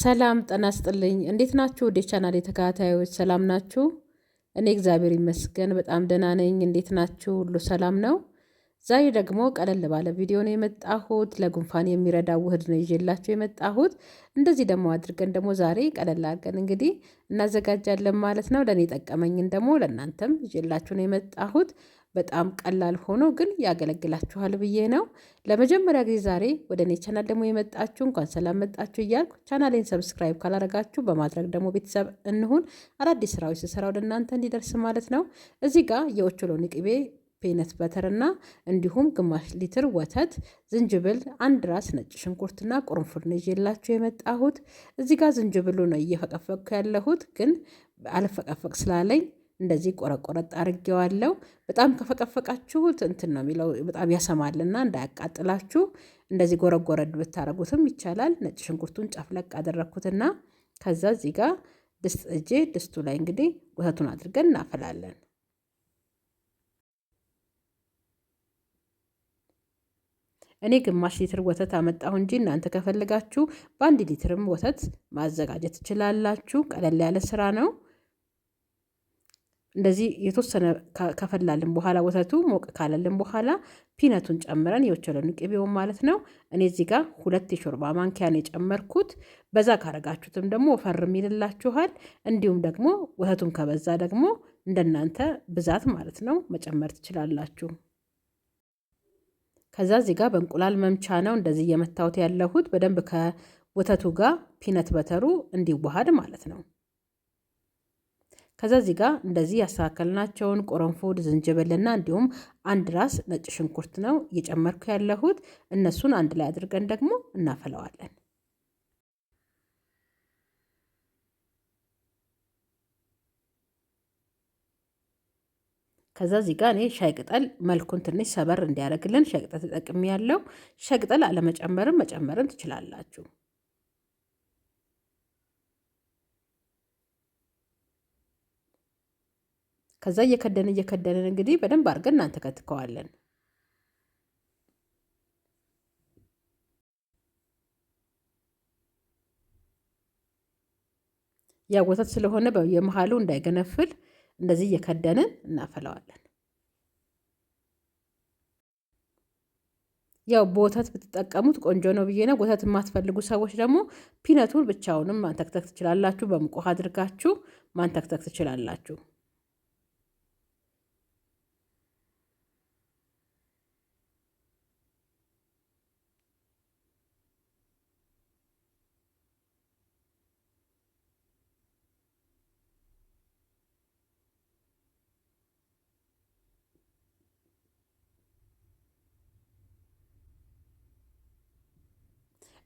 ሰላም ጤና ይስጥልኝ። እንዴት ናችሁ? ወደ ቻናል የተከታታዮች ሰላም ናችሁ? እኔ እግዚአብሔር ይመስገን በጣም ደህና ነኝ። እንዴት ናችሁ? ሁሉ ሰላም ነው? ዛሬ ደግሞ ቀለል ባለ ቪዲዮ ነው የመጣሁት። ለጉንፋን የሚረዳ ውህድ ነው ይዤላችሁ የመጣሁት። እንደዚህ ደግሞ አድርገን ደግሞ ዛሬ ቀለል አድርገን እንግዲህ እናዘጋጃለን ማለት ነው። ለእኔ ጠቀመኝን ደግሞ ለእናንተም ይዤላችሁ ነው የመጣሁት። በጣም ቀላል ሆኖ ግን ያገለግላችኋል ብዬ ነው። ለመጀመሪያ ጊዜ ዛሬ ወደ እኔ ቻናል ደግሞ የመጣችሁ እንኳን ሰላም መጣችሁ እያልኩ ቻናሌን ሰብስክራይብ ካላረጋችሁ በማድረግ ደግሞ ቤተሰብ እንሁን። አዳዲስ ስራዎች ስሰራ ወደ እናንተ እንዲደርስ ማለት ነው። እዚህ ጋር የኦቾሎኒ ቅቤ በተር በተርና እንዲሁም ግማሽ ሊትር ወተት፣ ዝንጅብል፣ አንድ ራስ ነጭ ሽንኩርትና ቁርንፉድን ይዤላችሁ የመጣሁት እዚህ ጋር ዝንጅብሉ ነው እየፈቀፈቅኩ ያለሁት ግን አልፈቀፈቅ ስላለኝ እንደዚህ ቆረቆረጥ አድርጌዋለሁ። በጣም ከፈቀፈቃችሁ እንትን ነው የሚለው በጣም ያሰማልና እንዳያቃጥላችሁ እንደዚህ ጎረጎረድ ብታደርጉትም ይቻላል። ነጭ ሽንኩርቱን ጨፍለቅ አደረግኩትና ከዛ እዚህ ጋር ድስት እጄ ድስቱ ላይ እንግዲህ ወተቱን አድርገን እናፈላለን። እኔ ግማሽ ሊትር ወተት አመጣሁ እንጂ እናንተ ከፈልጋችሁ በአንድ ሊትርም ወተት ማዘጋጀት ትችላላችሁ። ቀለል ያለ ስራ ነው። እንደዚህ የተወሰነ ከፈላልን በኋላ ወተቱ ሞቅ ካለልን በኋላ ፒነቱን ጨምረን የወቸለኑ ቅቤውን ማለት ነው። እኔ እዚህ ጋር ሁለት የሾርባ ማንኪያን የጨመርኩት። በዛ ካረጋችሁትም ደግሞ ወፈርም ይልላችኋል። እንዲሁም ደግሞ ወተቱን ከበዛ ደግሞ እንደናንተ ብዛት ማለት ነው መጨመር ትችላላችሁ። ከዛ እዚህ ጋር በእንቁላል መምቻ ነው እንደዚህ እየመታሁት ያለሁት በደንብ ከወተቱ ጋር ፒነት በተሩ እንዲዋሃድ ማለት ነው። ከዛ እዚህ ጋር እንደዚህ ያስተካከልናቸውን ቆረንፎድ፣ ዝንጅብልና እንዲሁም አንድ ራስ ነጭ ሽንኩርት ነው እየጨመርኩ ያለሁት። እነሱን አንድ ላይ አድርገን ደግሞ እናፈለዋለን። ከዛ እዚህ ጋር እኔ ሻይ ቅጠል መልኩን ትንሽ ሰበር እንዲያደርግልን ሻይ ቅጠል ተጠቅሜ ያለው ሻይ ቅጠል አለመጨመርም መጨመርም ትችላላችሁ። ከዛ እየከደን እየከደንን እንግዲህ በደንብ አድርገን እናንተከትከዋለን። ያ ወተት ስለሆነ የመሀሉ እንዳይገነፍል እንደዚህ እየከደንን እናፈለዋለን። ያው በወተት ብትጠቀሙት ቆንጆ ነው ብዬ ነው። ወተት የማትፈልጉ ሰዎች ደግሞ ፒነቱን ብቻውንም ማንተክተክ ትችላላችሁ። በሙቅ አድርጋችሁ ማንተክተክ ትችላላችሁ።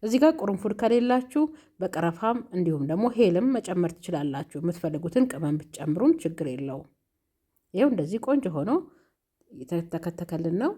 እዚህ ጋር ቁርንፉድ ከሌላችሁ በቀረፋም እንዲሁም ደግሞ ሄልም መጨመር ትችላላችሁ። የምትፈልጉትን ቅመም ብትጨምሩም ችግር የለውም። ይኸው እንደዚህ ቆንጆ ሆኖ የተተከተከልን ነው።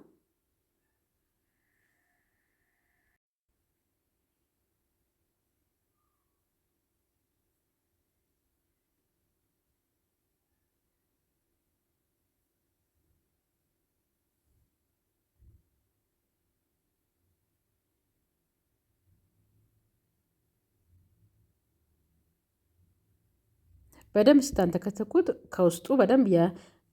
በደንብ ስታንተከተኩት ከውስጡ በደንብ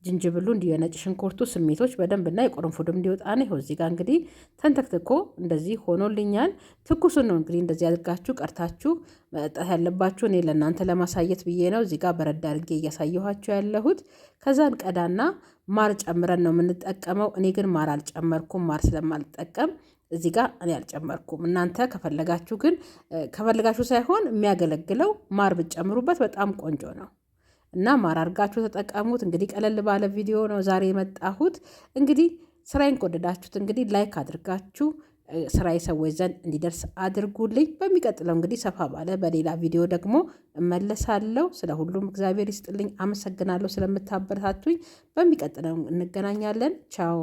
ጅንጅብሉ እንዲሁ የነጭ ሽንኩርቱ ስሜቶች በደንብ እና የቅርንፉዱም እንዲወጣ ነው። ይኸው እዚህ ጋር እንግዲህ ተንተክትኮ እንደዚህ ሆኖልኛል። ትኩሱን ነው እንግዲህ እንደዚህ አድርጋችሁ ቀርታችሁ መጠጣት ያለባችሁ። እኔ ለእናንተ ለማሳየት ብዬ ነው እዚህ ጋር በረዳ አድርጌ እያሳየኋችሁ ያለሁት። ከዛን ቀዳና ማር ጨምረን ነው የምንጠቀመው። እኔ ግን ማር አልጨመርኩም። ማር ስለማልጠቀም እዚህ ጋር እኔ አልጨመርኩም። እናንተ ከፈለጋችሁ ግን ከፈለጋችሁ ሳይሆን የሚያገለግለው ማር ብትጨምሩበት በጣም ቆንጆ ነው። እና ማር አድርጋችሁ ተጠቀሙት። እንግዲህ ቀለል ባለ ቪዲዮ ነው ዛሬ የመጣሁት። እንግዲህ ስራዬን ከወደዳችሁት እንግዲህ ላይክ አድርጋችሁ ስራ ሰዎች ዘንድ እንዲደርስ አድርጉልኝ። በሚቀጥለው እንግዲህ ሰፋ ባለ በሌላ ቪዲዮ ደግሞ እመለሳለሁ። ስለ ሁሉም እግዚአብሔር ይስጥልኝ። አመሰግናለሁ ስለምታበረታቱኝ። በሚቀጥለው እንገናኛለን። ቻው